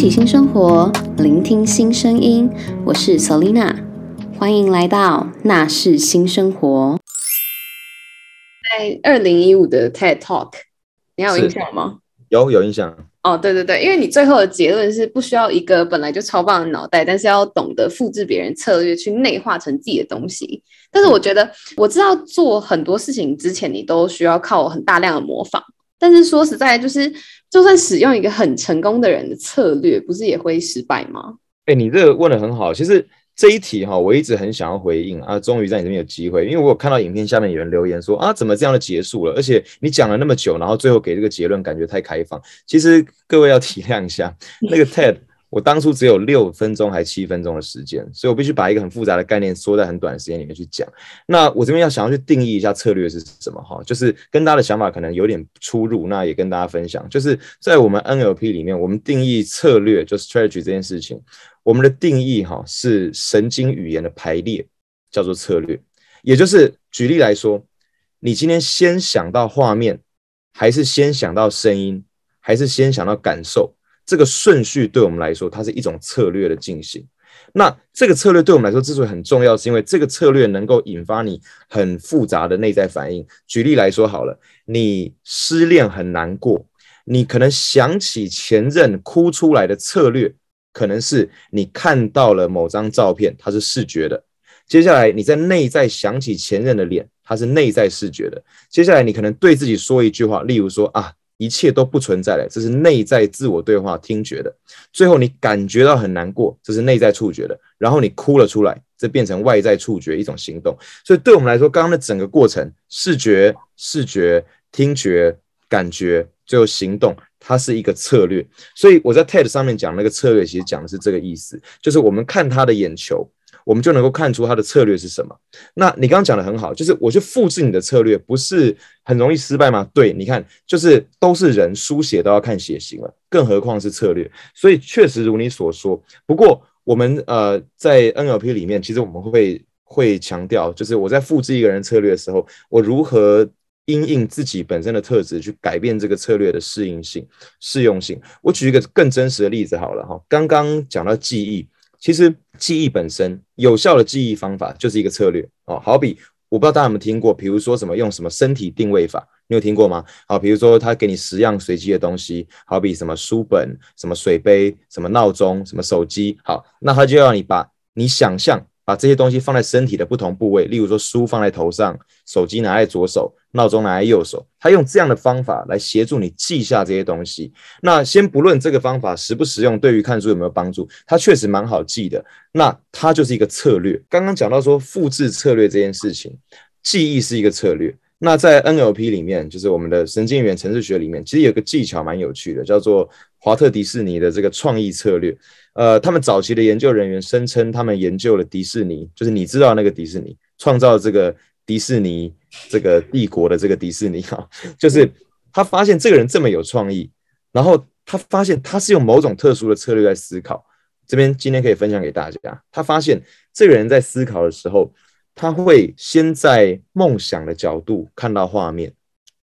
起新生活，聆聽新聲音，我是 Selina，歡迎來到娜式新生活。在二零一五的 TED Talk，你還有印象嗎？有，有印象哦，對對對，因為你最後的結論是不需要一個本來就超棒的腦袋，但是要懂得複製別人策略去內化成自己的東西。但是我覺得我知道做很多事情之前，你都需要靠很大量的模仿。但是說實在，就是。就算使用一個很成功的人的策略，不是也會失敗嗎？哎、欸，你這個問得很好，其實這一題哈、哦，我一直很想要回應啊，終於在你這邊有機會，因為我有看到影片下面有人留言說啊，怎麼這樣的結束了？而且你講了那麼久，然後最後給這個結論，感覺太開放。其實各位要體諒一下 那個 TED。我當初只有六分鐘還七分鐘的時間，所以我必須把一個很複雜的概念縮在很短的時間裡面去講。那我這邊要想要去定義一下策略是什麼哈，就是跟大家的想法可能有點出入，那也跟大家分享，就是在我們 NLP 裡面，我們定義策略就是 strategy 這件事情，我們的定義哈是神經語言的排列叫做策略，也就是舉例來說，你今天先想到畫面，還是先想到聲音，還是先想到感受？這個順序對我們來說，它是一種策略的進行。那這個策略對我們來說之所以很重要，是因為這個策略能夠引發你很複雜的內在反應。舉例來說好了，你失戀很難過，你可能想起前任哭出來的策略，可能是你看到了某張照片，它是視覺的。接下來你在內在想起前任的臉，它是內在視覺的。接下來你可能對自己說一句話，例如說啊。一切都不存在了，這是內在自我對話聽覺的。最後你感覺到很難過，這是內在觸覺的。然後你哭了出來，這變成外在觸覺一種行動。所以對我們來說，剛剛的整個過程，視覺、視覺、聽覺、感覺，最後行動，它是一個策略。所以我在 TED 上面講那個策略，其實講的是這個意思，就是我們看他的眼球。我們就能夠看出他的策略是什麼。那你剛剛講的很好，就是我去複製你的策略，不是很容易失敗嗎？對，你看，就是都是人書寫都要看血型了，更何況是策略。所以確實如你所說。不過我們呃，在 NLP 裡面，其實我們會會強調，就是我在複製一個人策略的時候，我如何因應自己本身的特質去改變這個策略的適應性、適用性。我舉一個更真實的例子好了哈，剛剛講到記憶，其實。記憶本身有效的記憶方法就是一個策略哦，好比我不知道大家有沒有聽過，比如說什麼用什麼身體定位法，你有聽過嗎？好，比如說他給你十樣隨機的東西，好比什麼書本、什麼水杯、什麼鬧鐘、什麼手機，好，那他就要你把你想象把這些東西放在身體的不同部位，例如說書放在頭上，手機拿在左手。鬧鐘拿在右手，他用這樣的方法來協助你記下這些東西。那先不論這個方法實不實用，對於看書有沒有幫助，它確實蠻好記的。那它就是一個策略。剛剛講到說複製策略這件事情，記憶是一個策略。那在 NLP 裡面，就是我們的神經元程式學裡面，其實有個技巧蠻有趣的，叫做華特迪士尼的這個創意策略。呃，他們早期的研究人員聲稱，他們研究了迪士尼，就是你知道那個迪士尼創造這個。迪士尼，這個帝國的這個迪士尼哈、啊，就是他發現這個人這麼有創意，然後他發現他是用某種特殊的策略在思考。這邊今天可以分享給大家，他發現這個人在思考的時候，他會先在夢想的角度看到畫面，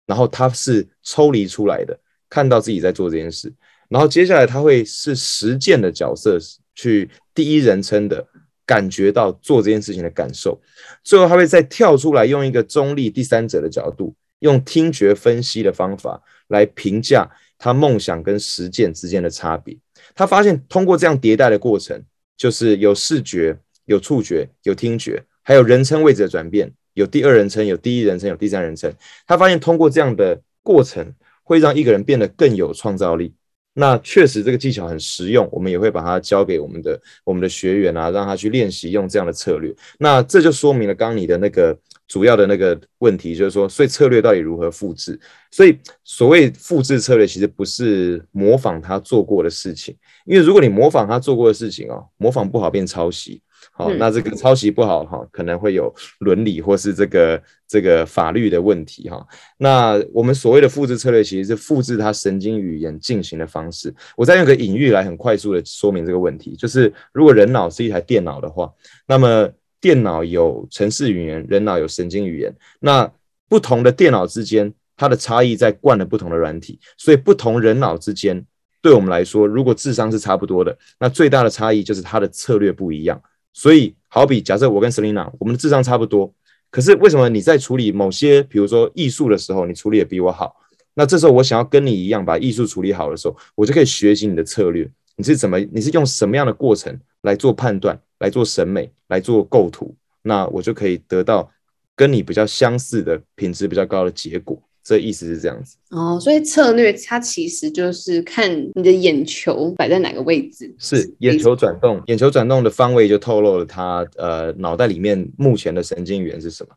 然後他是抽離出來的，看到自己在做這件事，然後接下來他會是實踐的角色去第一人稱的感覺到做這件事情的感受，最後他會再跳出來，用一個中立第三者的角度，用聽覺分析的方法來評價他夢想跟實踐之間的差別。他發現通過這樣迭代的過程，就是有視覺、有觸覺、有聽覺，還有人稱位置的轉變，有第二人稱、有第一人稱、有第三人稱。他發現通過這樣的過程，會讓一個人變得更有創造力。那確實這個技巧很實用，我們也會把它教給我們的我們的學員啊，讓他去練習用這樣的策略。那這就說明了剛剛你的那個主要的那個問題，就是說，所以策略到底如何複製？所以所謂複製策略，其實不是模仿他做過的事情，因為如果你模仿他做過的事情哦，模仿不好變抄襲。好、哦，那這個抄襲不好哈、哦，可能會有倫理或是這個這個法律的問題哈、哦。那我們所謂的複製策略，其實是複製它神經語言進行的方式。我再用一個隱喻來很快速的說明這個問題，就是如果人腦是一台電腦的話，那麼電腦有程式語言，人腦有神經語言。那不同的電腦之間，它的差異在灌了不同的軟體，所以不同人腦之間，對我們來說，如果智商是差不多的，那最大的差異就是它的策略不一樣。所以，好比假設我跟 Selina，我們的智商差不多，可是為什麼你在處理某些，比如說藝術的時候，你處理也比我好？那這時候我想要跟你一樣把藝術處理好的時候，我就可以學習你的策略，你是怎麼，你是用什麼樣的過程來做判斷、來做審美、來做構圖，那我就可以得到跟你比較相似的品質比較高的結果。這個、意思是這樣子哦，所以策略它其實就是看你的眼球擺在哪個位置，是眼球轉動，眼球轉動的方位就透露了他呃，腦袋裡面目前的神經元是什麼。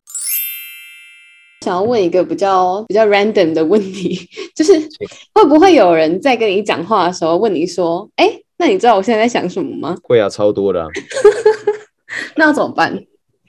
想要問一個比較比較 random 的問題，就是，是會不會有人在跟你講話的時候問你說，哎，那你知道我現在在想什麼嗎？會啊，超多的，啊。 那要怎麼辦？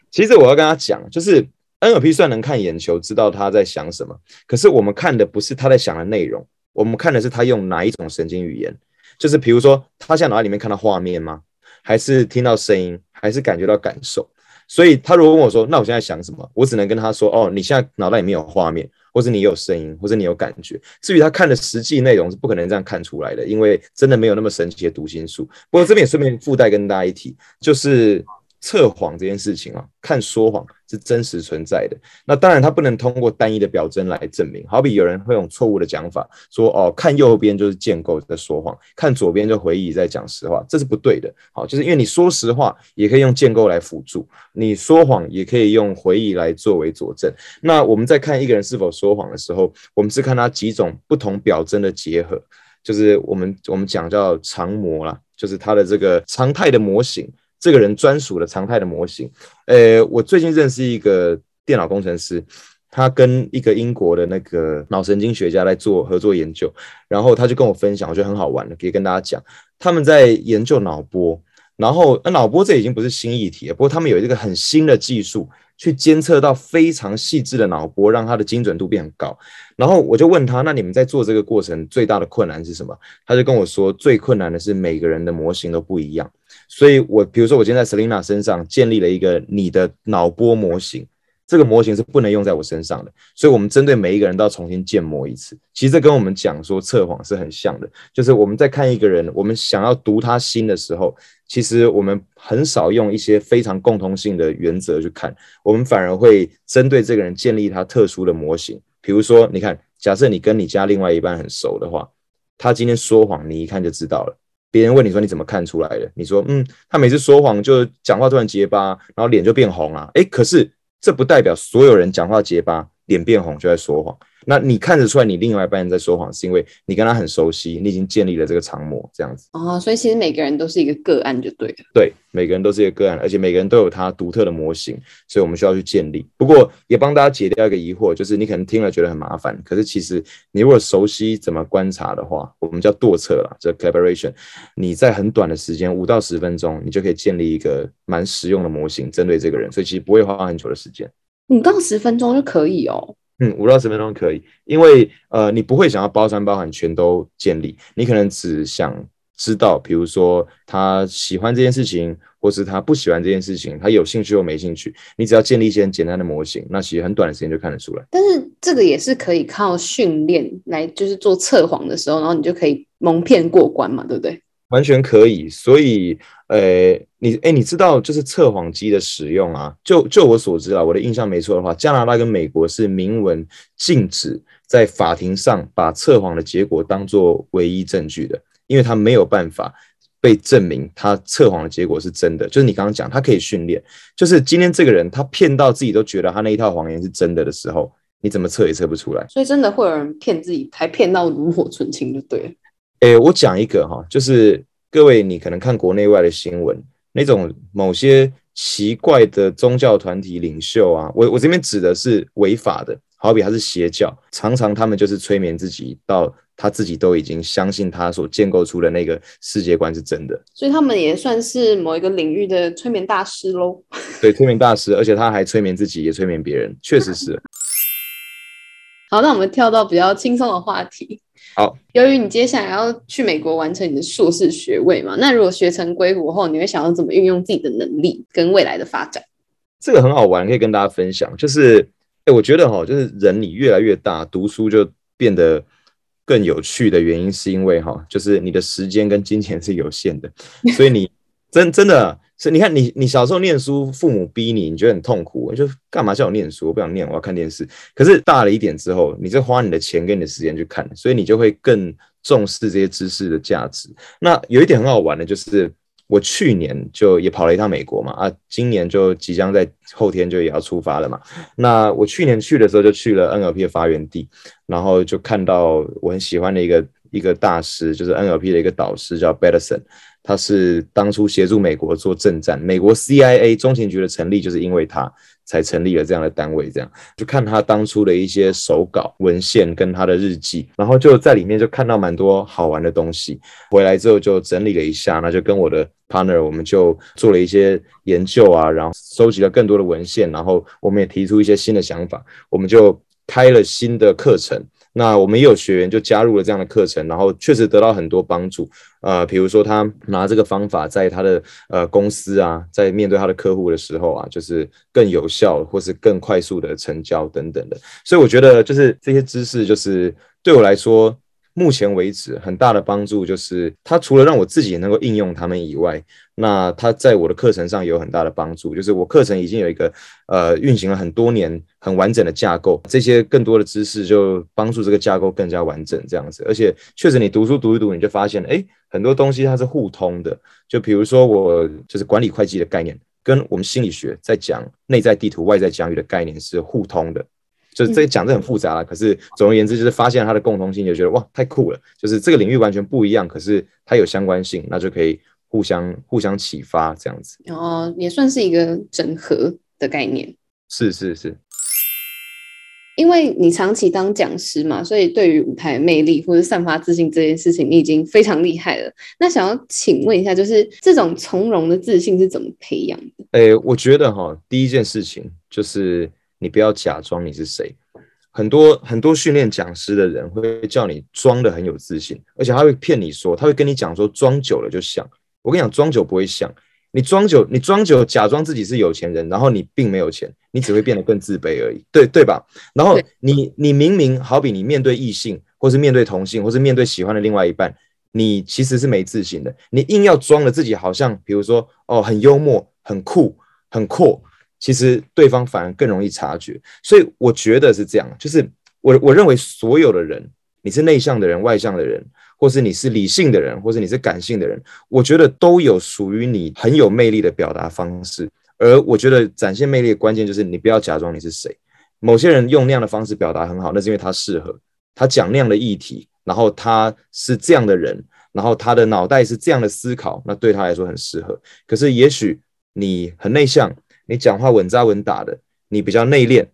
其實我要跟他講，就是。NLP 算能看眼球，知道他在想什麼。可是我們看的不是他在想的內容，我們看的是他用哪一種神經語言。就是比如說，他現在腦袋裡面看到畫面嗎？還是聽到聲音？還是感覺到感受？所以，他如果問我說：“那我現在想什麼？”我只能跟他說：“哦，你現在腦袋裡面有畫面，或者你有聲音，或者你有感覺。”至於他看的實際內容，是不可能這樣看出來的，因為真的沒有那麼神奇的讀心術。不過這邊也順便附帶跟大家一提，就是。測謊這件事情啊，看說謊是真實存在的。那當然，它不能通過單一的表徵來證明。好比有人會用錯誤的講法說：“哦，看右邊就是建構在說謊，看左邊就回憶在講實話。”這是不對的。好、哦，就是因為你說實話也可以用建構來輔助，你說謊也可以用回憶來作為佐證。那我們在看一個人是否說謊的時候，我們是看他幾種不同表徵的結合，就是我們我們講叫常模啦，就是他的這個常態的模型。這個人專屬的常態的模型，誒，我最近認識一個電腦工程師，他跟一個英國的那個腦神經學家來做合作研究，然後他就跟我分享，我覺得很好玩的，可以跟大家講，他們在研究腦波，然後那、啊、腦波這已經不是新議題了，不過他們有一個很新的技術。去監測到非常細緻的腦波，讓它的精準度變很高。然後我就問他，那你們在做這個過程最大的困難是什麼？他就跟我說，最困難的是每個人的模型都不一樣。所以我，我比如說，我今天在 Selina 身上建立了一個你的腦波模型。這個模型是不能用在我身上的，所以我們針對每一個人都要重新建模一次。其實這跟我們講說測謊是很像的，就是我們在看一個人，我們想要讀他心的時候，其實我們很少用一些非常共通性的原則去看，我們反而會針對這個人建立他特殊的模型。比如說，你看，假設你跟你家另外一半很熟的話，他今天說謊，你一看就知道了。別人問你說，你怎麼看出來的？你說，嗯，他每次說謊就講話突然結巴，然後臉就變紅了，啊，誒，可是。這不代表所有人講話結巴，臉變紅就在說謊。那你看得出來，你另外一半人在說謊，是因為你跟他很熟悉，你已經建立了這個常模這樣子。哦，所以其實每個人都是一個個案，就對了。對，每個人都是一個個案，而且每個人都有他獨特的模型，所以我們需要去建立。不過也幫大家解掉一個疑惑，就是你可能聽了覺得很麻煩，可是其實你如果熟悉怎麼觀察的話，我們叫度測了，這、就是、collaboration，你在很短的時間，五到十分鐘，你就可以建立一個蠻實用的模型，針對這個人，所以其實不會花很久的時間。五到十分鐘就可以哦。嗯，五到十分鐘可以，因為呃、你不會想要包山包海全都建立，你可能只想知道，比如說他喜歡這件事情，或是他不喜歡這件事情，他有興趣或沒興趣，你只要建立一些很簡單的模型，那其實很短的時間就看得出來。但是這個也是可以靠訓練來，就是做測謊的時候，然後你就可以蒙騙過關嘛，對不對？完全可以，所以，呃、欸，你，哎、欸，你知道就是測謊機的使用啊？就就我所知啊，我的印象沒錯的話，加拿大跟美國是明文禁止在法庭上把測謊的結果當作唯一證據的，因為他沒有辦法被證明他測謊的結果是真的。就是你剛剛講，他可以訓練，就是今天這個人他騙到自己都覺得他那一套謊言是真的的時候，你怎麼測也測不出來。所以真的會有人騙自己，還騙到爐火純青，就對了。誒，我講一個哈，就是各位，你可能看國內外的新聞，那種某些奇怪的宗教團體領袖啊，我我這邊指的是違法的，好比他是邪教，常常他們就是催眠自己，到他自己都已經相信他所建構出的那個世界觀是真的，所以他們也算是某一個領域的催眠大師嘍。對，催眠大師，而且他還催眠自己，也催眠別人，確實是。 好，那我們跳到比較輕鬆的話題。好，由於你接下來要去美國完成你的碩士學位嘛，那如果學成歸國後，你會想要怎麼運用自己的能力跟未來的發展？這個很好玩，可以跟大家分享。就是，欸，我覺得哈，就是人你越來越大，讀書就變得更有趣的原因，是因為哈，就是你的時間跟金錢是有限的，所以你真 真的。你看你，你小時候念書，父母逼你，你覺得很痛苦，你就幹嘛叫我念書？我不想念，我要看電視。可是大了一點之後，你就花你的錢跟你的時間去看，所以你就會更重視這些知識的價值。那有一點很好玩的就是，我去年就也跑了一趟美國嘛，啊，今年就即將在後天就也要出發了嘛。那我去年去的時候就去了 NLP 的發源地，然後就看到我很喜歡的一個一個大師，就是 NLP 的一個導師叫 Batterson。他是當初協助美國做政戰，美國 CIA 中情局的成立，就是因為他才成立了這樣的單位，這樣。就看他當初的一些手稿、文獻跟他的日記，然後就在裡面就看到蠻多好玩的東西。回來之後就整理了一下，那就跟我的 partner 我們就做了一些研究啊，然後收集了更多的文獻，然後我們也提出一些新的想法，我們就開了新的課程。那我們也有學員就加入了這樣的課程，然後確實得到很多幫助。呃，比如說他拿這個方法在他的呃公司啊，在面對他的客戶的時候啊，就是更有效或是更快速的成交等等的。所以我覺得就是這些知識，就是對我來說目前為止很大的幫助，就是它除了讓我自己能夠應用他們以外。那他在我的課程上有很大的幫助，就是我課程已經有一個呃運行了很多年很完整的架構，這些更多的知識就幫助這個架構更加完整這樣子。而且確實你讀書讀一讀，你就發現哎、欸，很多東西它是互通的。就比如說我就是管理會計的概念，跟我們心理學在講內在地圖、外在疆域的概念是互通的。就是這講得很複雜了，可是總而言之就是發現它的共通性，就覺得哇太酷了。就是這個領域完全不一樣，可是它有相關性，那就可以。互相互相啟發這樣子，哦，也算是一個整合的概念。是是是，因為你長期當講師嘛，所以對於舞台魅力或者散發自信這件事情，你已經非常厲害了。那想要請問一下，就是這種從容的自信是怎麼培養的？誒、欸，我覺得哈、哦，第一件事情就是你不要假裝你是誰。很多很多訓練講師的人會叫你裝得很有自信，而且他會騙你說，他會跟你講說，裝久了就像。我跟你講，裝久不會像你裝久，你裝久，裝假裝自己是有錢人，然後你並沒有錢，你只會變得更自卑而已，對對吧？然後你你明明好比你面對異性，或是面對同性，或是面對喜歡的另外一半，你其實是沒自信的，你硬要裝的自己好像，比如說哦，很幽默、很酷、很酷，其實對方反而更容易察覺。所以我覺得是這樣，就是我我認為所有的人，你是內向的人、外向的人。或是你是理性的人，或是你是感性的人，我覺得都有屬於你很有魅力的表達方式。而我覺得展現魅力的關鍵就是你不要假裝你是誰。某些人用那樣的方式表達很好，那是因為他適合，他講那樣的議題，然後他是這樣的人，然後他的腦袋是這樣的思考，那對他來說很適合。可是也許你很內向，你講話穩紮穩打的，你比較內斂，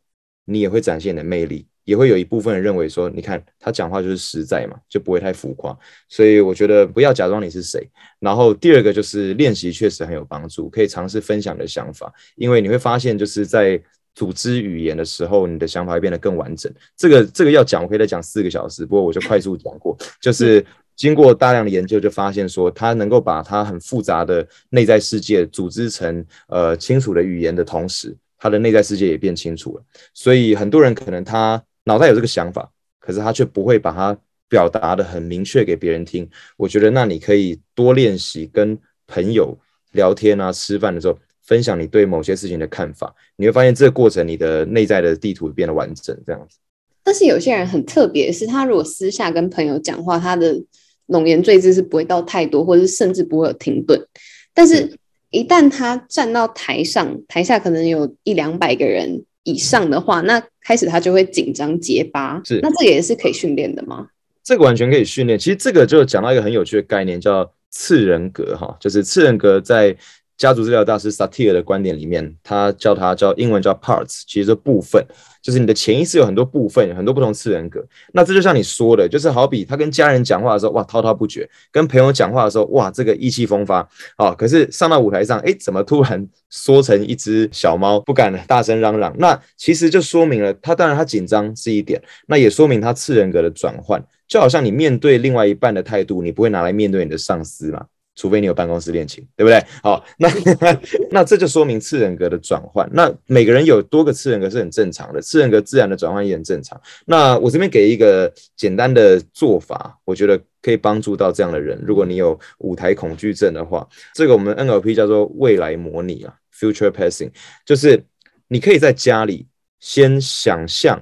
你也會展現你的魅力。也會有一部分人認為說，你看他講話就是實在嘛，就不會太浮誇。所以我覺得不要假裝你是誰。然後第二個就是練習確實很有幫助，可以嘗試分享你的想法，因為你會發現就是在組織語言的時候，你的想法會變得更完整。這個這個要講我可以再講四個小時，不過我就快速講過，就是經過大量的研究就發現說，他能夠把他很複雜的內在世界組織成呃清楚的語言的同時，他的內在世界也變清楚了。所以很多人可能他。腦袋有這個想法，可是他卻不會把它表達得很明確給別人聽。我覺得那你可以多練習，跟朋友聊天啊，吃飯的時候分享你對某些事情的看法，你會發現這個過程你的內在的地圖變得完整。這樣子，但是有些人很特別，是他如果私下跟朋友講話，他的冗言贅字是不會到太多，或者甚至不會有停頓。但是一旦他站到台上，台下可能有一兩百個人以上的話，那。開始他就會緊張結巴，是那這個也是可以訓練的嗎？嗯，這個完全可以訓練。其實這個就講到一個很有趣的概念，叫次人格哈，就是次人格在家族治療大師 Satir 的觀點裡面，他叫他叫英文叫 parts，其實是部分，就是你的潛意識有很多部分，有很多不同次人格。那這就像你說的，就是好比他跟家人講話的時候哇滔滔不絕，跟朋友講話的時候哇這個意氣風發啊、哦，可是上到舞台上哎、欸、怎麼突然縮成一隻小貓，不敢大聲嚷嚷？那其實就說明了他當然他緊張是一點，那也說明他次人格的轉換，就好像你面對另外一半的態度，你不會拿來面對你的上司嘛。除非你有辦公室戀情，對不對？好，那 那這就說明次人格的轉換。那每個人有多個次人格是很正常的，次人格自然的轉換也很正常。那我這邊給一個簡單的做法，我覺得可以幫助到這樣的人。如果你有舞台恐懼症的話，這個我們 NLP 叫做未來模擬啊，future pacing，就是你可以在家裡先想象，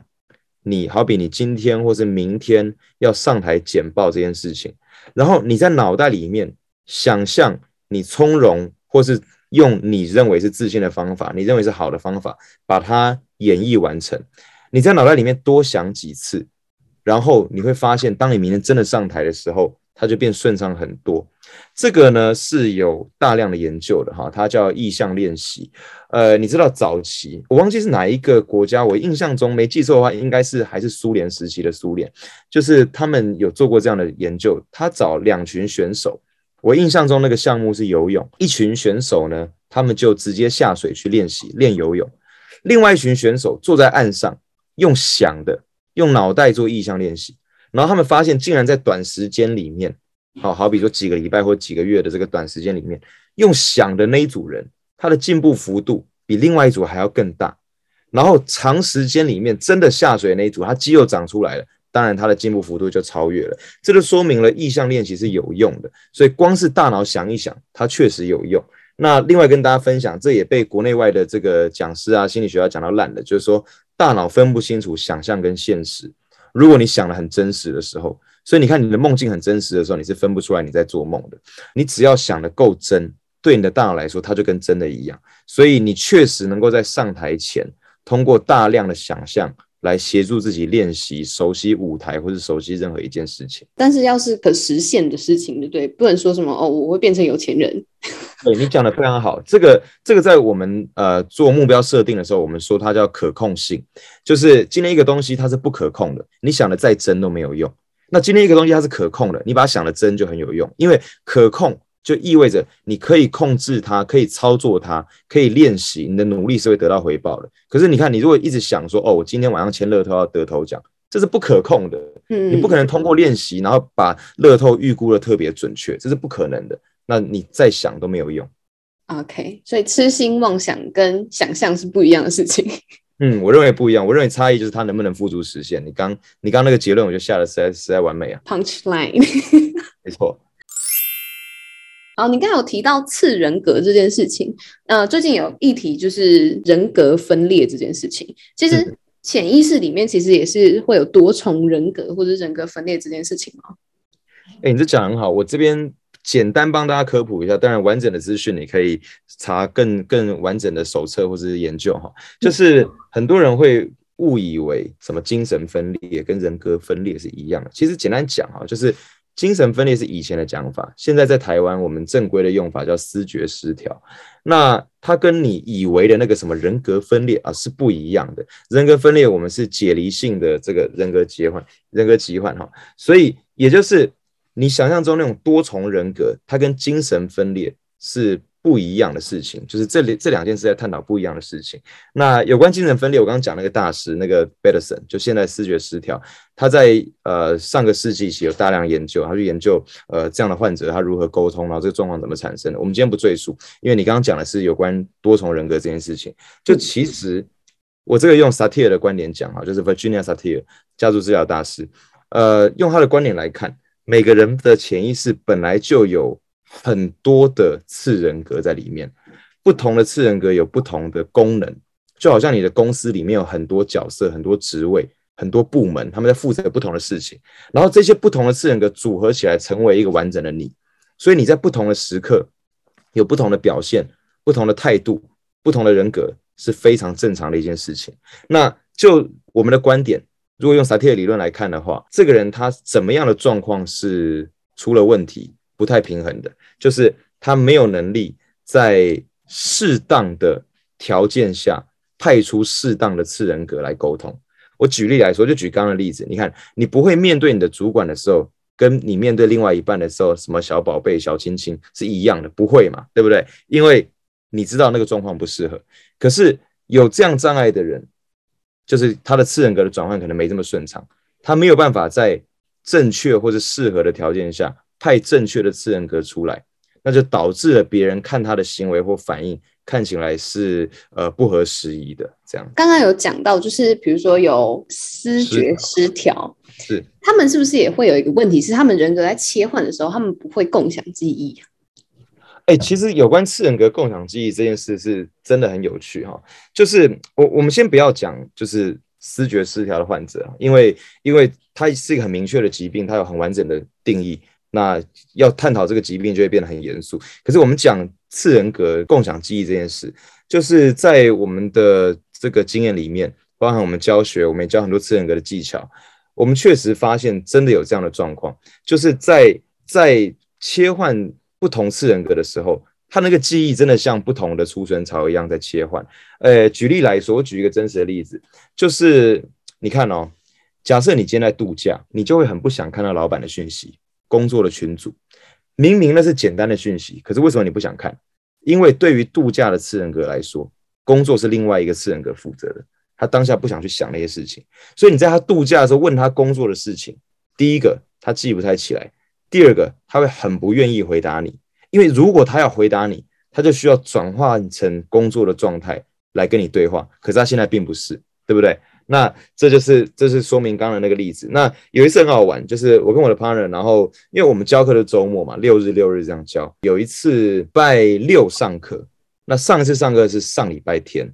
你好比你今天或是明天要上台簡報這件事情，然後你在腦袋裡面。想象你從容，或是用你認為是自信的方法，你認為是好的方法，把它演繹完成。你在腦袋裡面多想幾次，然後你會發現，當你明天真的上台的時候，它就變順暢很多。這個呢是有大量的研究的哈，它叫意象練習。呃，你知道早期我忘記是哪一個國家，我印象中沒記錯的話，應該是還是蘇聯時期的蘇聯，就是他們有做過這樣的研究，他找兩群選手。我印象中那個項目是游泳，一群選手呢，他們就直接下水去練習，練游泳，另外一群選手坐在岸上，用想的，用腦袋做意象練習，然後他們發現竟然在短時間裡面，好、哦、好比說幾個禮拜或幾個月的這個短時間裡面，用想的那一組人，他的進步幅度比另外一組還要更大，然後長時間裡面真的下水的那一組，他肌肉長出來了。當然，它的進步幅度就超越了，這就說明了意象練習是有用的。所以，光是大腦想一想，它確實有用。那另外跟大家分享，這也被國內外的這個講師啊、心理學家講到爛了，就是說大腦分不清楚想象跟現實。如果你想得很真實的時候，所以你看你的夢境很真實的時候，你是分不出來你在做夢的。你只要想得夠真，對你的大腦來說，它就跟真的一樣。所以你確實能夠在上台前通過大量的想象。來協助自己練習、熟悉舞台或是熟悉任何一件事情。但是，要是可實現的事情，對不對？不能說什麼哦，我會變成有錢人。對，你講的非常好， 這個這個在我們呃做目標設定的時候，我們說它叫可控性。就是今天一個東西它是不可控的，你想的再真都沒有用。那今天一個東西它是可控的，你把它想的真就很有用，因為可控。就意味着你可以控制它，可以操作它，可以練習，你的努力是會得到回報的。可是你看，你如果一直想說，哦，我今天晚上簽樂透要得頭獎，這是不可控的。嗯，你不可能通過練習然後把樂透預估得特別準確，這是不可能的。那你再想都沒有用。OK，所以痴心妄想跟想象是不一樣的事情。嗯，我認為不一樣。我認為差異就是它能不能付諸實現。你剛你剛那個結論，我就下了實在實在完美啊。Punchline 沒。沒錯。好，你剛才有提到次人格這件事情，呃，最近有議題就是人格分裂這件事情。其實潛意識裡面其實也是會有多重人格或者人格分裂這件事情嗎？哎、欸，你這講很好，我這邊簡單幫大家科普一下。當然，完整的資訊你可以查更更完整的手冊或者是研究哈。就是很多人會誤以為什麼精神分裂跟人格分裂是一樣的。其實簡單講啊，就是。精神分裂是以前的講法，現在在台灣我們正規的用法叫思覺失調。那它跟你以為的那個什麼人格分裂啊是不一樣的。人格分裂我們是解離性的這個人格疾患，人格疾患哈，所以也就是你想象中那種多重人格，它跟精神分裂是。不一樣的事情，就是這裡這兩件事在探討不一樣的事情。那有關精神分裂，我剛剛講那個大師那個 Bateson，就現在思覺失調，他在呃上個世紀起有大量研究，他去研究呃這樣的患者他如何溝通，然後這個狀況怎麼產生的。我們今天不贅述，因為你剛剛講的是有關多重人格這件事情。就其實我這個用 Satir 的觀點講哈，就是 Virginia Satir 家族治療大師，呃，用他的觀點來看，每個人的潛意識本來就有。很多的次人格在裡面，不同的次人格有不同的功能，就好像你的公司裡面有很多角色、很多職位、很多部門，他們在負責不同的事情。然後這些不同的次人格組合起來，成為一個完整的你。所以你在不同的時刻有不同的表現、不同的態度、不同的人格，是非常正常的一件事情。那就我們的觀點，如果用薩提爾理論來看的話，這個人他怎麼樣的狀況是出了問題？不太平衡的，就是他沒有能力在適當的條件下派出適當的次人格來溝通。我舉例來說，就舉剛剛的例子，你看，你不會面對你的主管的時候，跟你面對另外一半的時候，什麼小寶貝、小親親是一樣的，不會嘛，對不對？因為你知道那個狀況不適合。可是有這樣障礙的人，就是他的次人格的轉換可能沒這麼順暢，他沒有辦法在正確或是適合的條件下。派正確的次人格出來，那就導致了別人看他的行為或反應看起來是呃，不合時宜的。這樣，剛剛有講到，就是比如說有思覺失調，是他們是不是也會有一個問題是，他們人格在切換的時候，他們不會共享記憶？啊？哎、欸，其實有關次人格共享記憶這件事是真的很有趣哈、哦。就是我我們先不要講，就是思覺失調的患者，因為因為他是一個很明確的疾病，他有很完整的定義。那要探討這個疾病就會變得很嚴肅。可是我們講次人格共享記憶這件事，就是在我們的這個經驗裡面，包含我們教學，我們也教很多次人格的技巧。我們確實發現真的有這樣的狀況，就是在在切換不同次人格的時候，他那個記憶真的像不同的儲存槽一樣在切換。呃，舉例來說，我舉一個真實的例子，就是你看哦，假設你今天在度假，你就會很不想看到老闆的訊息。工作的群組，明明那是簡單的訊息，可是為什麼你不想看？因為對於度假的次人格來說，工作是另外一個次人格負責的，他當下不想去想那些事情。所以你在他度假的時候問他工作的事情，第一個他記不太起來，第二個他會很不願意回答你，因為如果他要回答你，他就需要轉化成工作的狀態來跟你對話，可是他現在並不是，對不對？那這就是這是說明剛才那個例子。那有一次很好玩，就是我跟我的 partner，然後因為我們教課的周末嘛，六日六日這樣教。有一次拜六上課，那上一次上課是上禮拜天，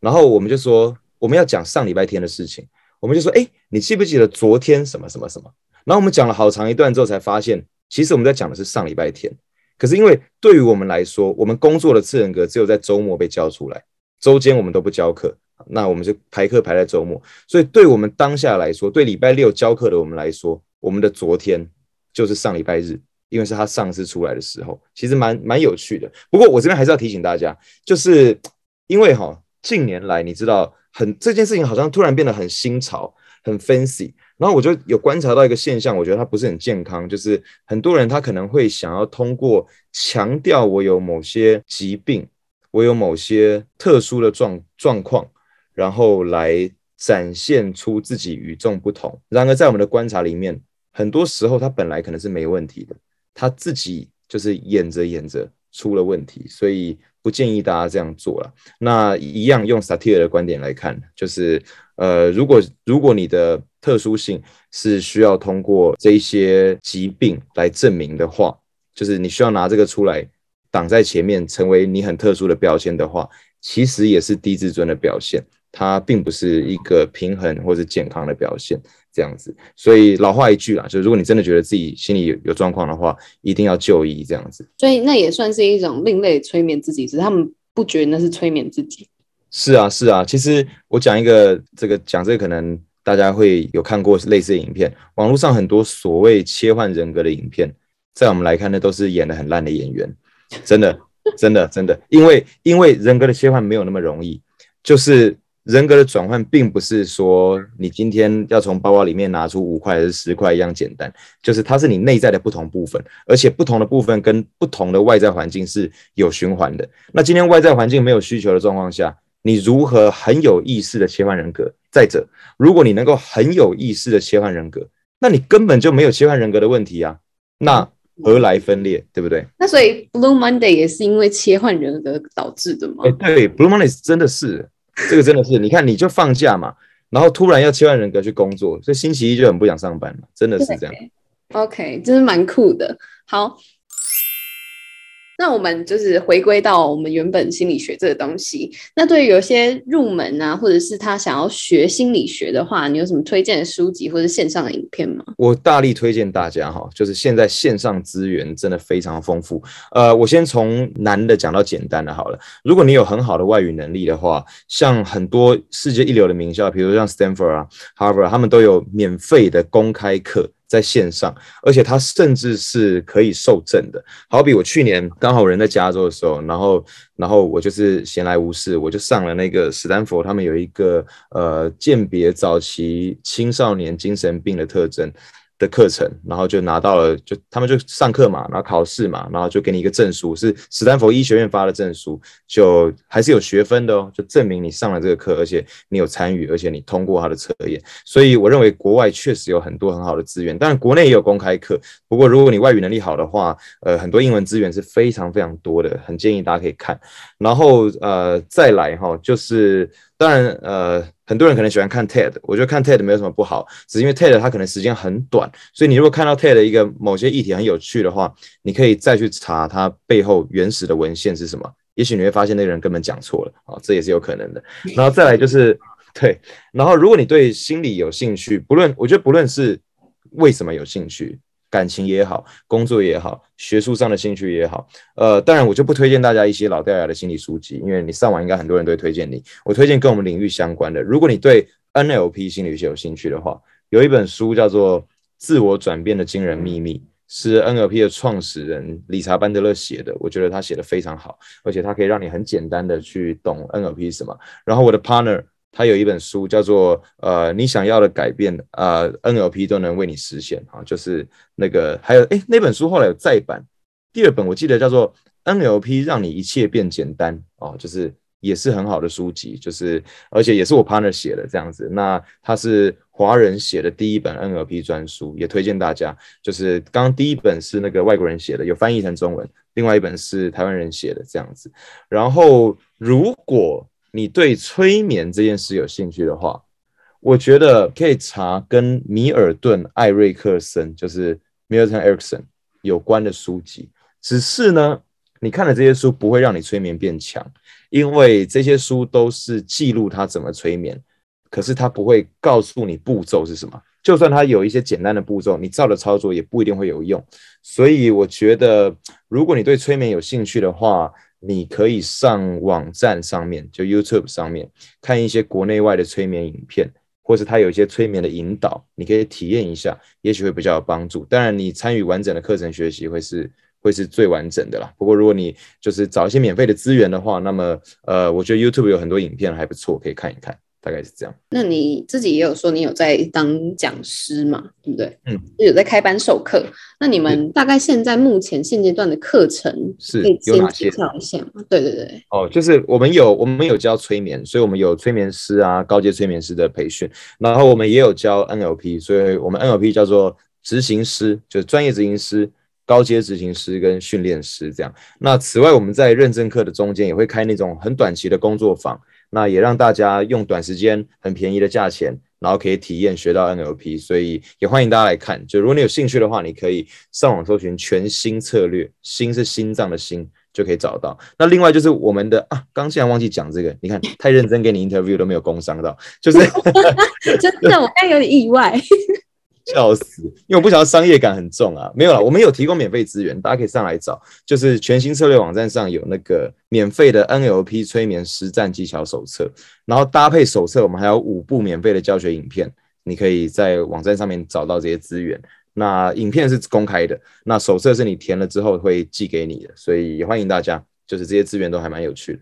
然後我們就說我們要講上禮拜天的事情，我們就說哎、欸，你記不記得昨天什麼什麼什麼？然後我們講了好長一段之後，才發現其實我們在講的是上禮拜天。可是因為對於我們來說，我們工作的次人格只有在周末被教出來，週間我們都不教課。那我們就排課排在周末，所以對我們當下來說，對禮拜六教課的我們來說，我們的昨天就是上禮拜日，因為是他上次出來的時候，其實蠻蠻有趣的。不過我這邊還是要提醒大家，就是因為齁，近年來你知道，很這件事情好像突然變得很新潮、很 fancy，然後我就有觀察到一個現象，我覺得它不是很健康，就是很多人他可能會想要通過強調我有某些疾病，我有某些特殊的狀狀況。然後來展現出自己與眾不同。然而，在我們的觀察裡面，很多時候他本來可能是沒問題的，他自己就是演着演着出了問題。所以不建議大家這樣做了。那一樣用薩提爾的觀點來看，就是呃，如果如果你的特殊性是需要通過這些疾病來證明的話，就是你需要拿這個出來擋在前面，成為你很特殊的標籤的話，其實也是低自尊的表現。它並不是一個平衡或是健康的表現，這樣子。所以老話一句啦，就是如果你真的覺得自己心裡有有狀況的話，一定要就醫，這樣子。所以那也算是一種另類催眠自己，只是他們不覺得那是催眠自己。是啊，是啊。其實我講一個這個講這個，可能大家會有看過類似的影片，網絡上很多所謂切換人格的影片，在我們來看呢，都是演得很爛的演員，真的，真的，真的。因為因為人格的切換沒有那麼容易，就是。人格的轉換並不是說你今天要從包包裡面拿出五塊還是十塊一樣簡單，就是它是你內在的不同部分，而且不同的部分跟不同的外在環境是有循環的。那今天外在環境沒有需求的狀況下，你如何很有意識的切換人格？再者，如果你能夠很有意識的切換人格，那你根本就沒有切換人格的問題啊。那何來分裂，對不對？那所以 Blue Monday 也是因為切換人格導致的嗎？欸、對，Blue Monday 是真的是。 這個真的是，你看你就放假嘛，然後突然要切換人格去工作，所以星期一就很不想上班嘛，真的是這樣。OK，真是蠻酷的，好。那我們就是回歸到我們原本心理學這個東西。那對於有些入門啊，或者是他想要學心理學的話，你有什麼推薦的書籍或者線上的影片嗎？我大力推薦大家哈，就是現在線上資源真的非常豐富。呃，我先從難的講到簡單的好了。如果你有很好的外語能力的話，像很多世界一流的名校，比如像 Stanford 啊、Harvard，他們都有免費的公開課。在線上，而且它甚至是可以受證的。好比我去年剛好人在加州的時候，然後，然後我就是閒來無事，我就上了那個史丹佛，他們有一個呃，鑑別早期青少年精神病的特徵。的課程，然後就拿到了，就他們就上課嘛，然後考試嘛，然後就給你一個證書，是史丹佛醫學院發的證書，就還是有學分的哦，就證明你上了這個課，而且你有參與，而且你通過他的測驗。所以我認為國外確實有很多很好的資源，當然國內也有公開課。不過如果你外語能力好的話，呃，很多英文資源是非常非常多的，很建議大家可以看。然後呃，再來哈、哦，就是當然呃。很多人可能喜歡看 TED，我覺得看 TED 沒有什麼不好，只是因為 TED 它可能時間很短，所以你如果看到 TED 一個某些議題很有趣的話，你可以再去查它背後原始的文獻是什麼，也許你會發現那個人根本講錯了啊、哦，這也是有可能的。然後再來就是對，然後如果你對心理有興趣，不論我覺得不論是為什麼有興趣。感情也好，工作也好，學術上的興趣也好，呃，當然我就不推薦大家一些老掉牙的心理書籍，因為你上網應該很多人都會推薦你。我推薦跟我們領域相關的，如果你對 NLP 心理學有興趣的話，有一本書叫做《自我轉變的驚人秘密》，是 NLP 的創始人理查·班德勒寫的，我覺得他寫的非常好，而且他可以讓你很簡單的去懂 NLP 是什麼。然後我的 partner。他有一本書叫做《呃，你想要的改變，呃，NLP 都能為你實現》啊，就是那個還有哎、欸，那本書後來有再版，第二本我記得叫做《NLP 讓你一切變簡單》哦、啊，就是也是很好的書籍，就是而且也是我 partner 寫的這樣子。那他是華人寫的，第一本 NLP 專書也推薦大家。就是剛第一本是那個外國人寫的，有翻譯成中文，另外一本是台灣人寫的這樣子。然後如果，你對催眠這件事有興趣的話，我覺得可以查跟米爾頓艾瑞克森，就是 Milton Erickson 有關的書籍。只是呢，你看的這些書不會讓你催眠變強，因為這些書都是記錄他怎麼催眠，可是他不會告訴你步驟是什麼。就算他有一些簡單的步驟，你照着操作也不一定會有用。所以，我覺得如果你對催眠有興趣的話，你可以上網站上面，就 YouTube 上面看一些國內外的催眠影片，或是它有一些催眠的引導，你可以體驗一下，也許會比較有幫助。當然，你參與完整的課程學習會是會是最完整的啦。不過，如果你就是找一些免費的資源的話，那麼呃，我覺得 YouTube 有很多影片還不錯，可以看一看。大概是這樣。那，你自己也有說你有在當講師嘛，對不對？嗯，就有在開班授課。那你們大概現在目前現階段的課程教是有哪些？對對對。哦，就是我們有我們有教催眠，所以我們有催眠師啊，高階催眠師的培訓。然後我們也有教 NLP，所以我們 NLP 叫做執行師，就是專業執行師。高階執行師跟訓練師這樣。那此外，我們在認證課的中間也會開那種很短期的工作坊，那也讓大家用短時間、很便宜的價錢，然後可以體驗學到 NLP，所以也歡迎大家來看。就如果你有興趣的話，你可以上網搜尋“全心策略”，心是心臟的“心”，就可以找到。那另外就是我們的啊，剛竟然忘記講這個，你看太認真給你 interview 都沒有工商到，就是真的，我剛有點意外。 笑死，因為我不曉得，商業感很重啊。沒有了，我們有提供免費資源，大家可以上來找，就是全心策略網站上有那個免費的 NLP 催眠實戰技巧手冊，然後搭配手冊，我們還有五部免費的教學影片，你可以在網站上面找到這些資源，那影片是公開的，那手冊是你填了之後會寄給你的，所以也歡迎大家，就是這些資源都還蠻有趣的。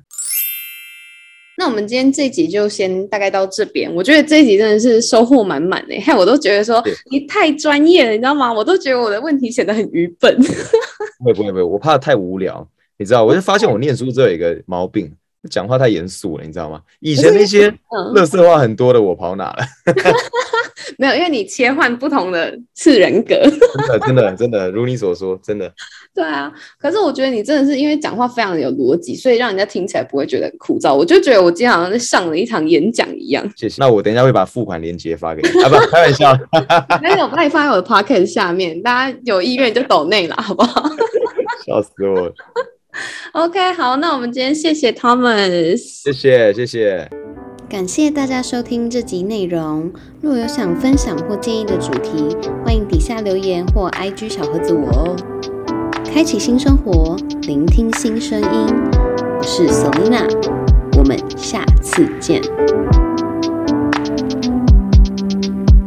那我們今天這集就先大概到這邊。我覺得這集真的是收穫滿滿嘿、欸，我都覺得說你太專業了，你知道嗎？我都覺得我的問題顯得很愚笨。 不會不會不會，我怕太無聊，你知道？我就發現我念書之後有一個毛病，講話太嚴肅了，你知道嗎？以前那些垃圾話很多的，我跑哪了？ 沒有，因為你切換不同的次人格，真的真的，真的，如你所說，真的。 對啊，可是我覺得你真的是因為講話非常有邏輯，所以讓人家聽起來不會覺得很枯燥。我就覺得我今天好像是上了一場演講一樣。謝謝。那我等一下會把付款連結發給你啊，不，開玩笑。沒有，我把你放在我的 pocket 下面，大家有意願就抖內了，好不好？笑死我了。OK，好，那我們今天謝謝 Thomas，謝謝謝謝。謝謝感謝大家收聽這集內容。若有想分享或建議的主題，歡迎底下留言或 IG 小盒子我哦。開啟新生活，聆聽新聲音，我是 Solina，我們下次見。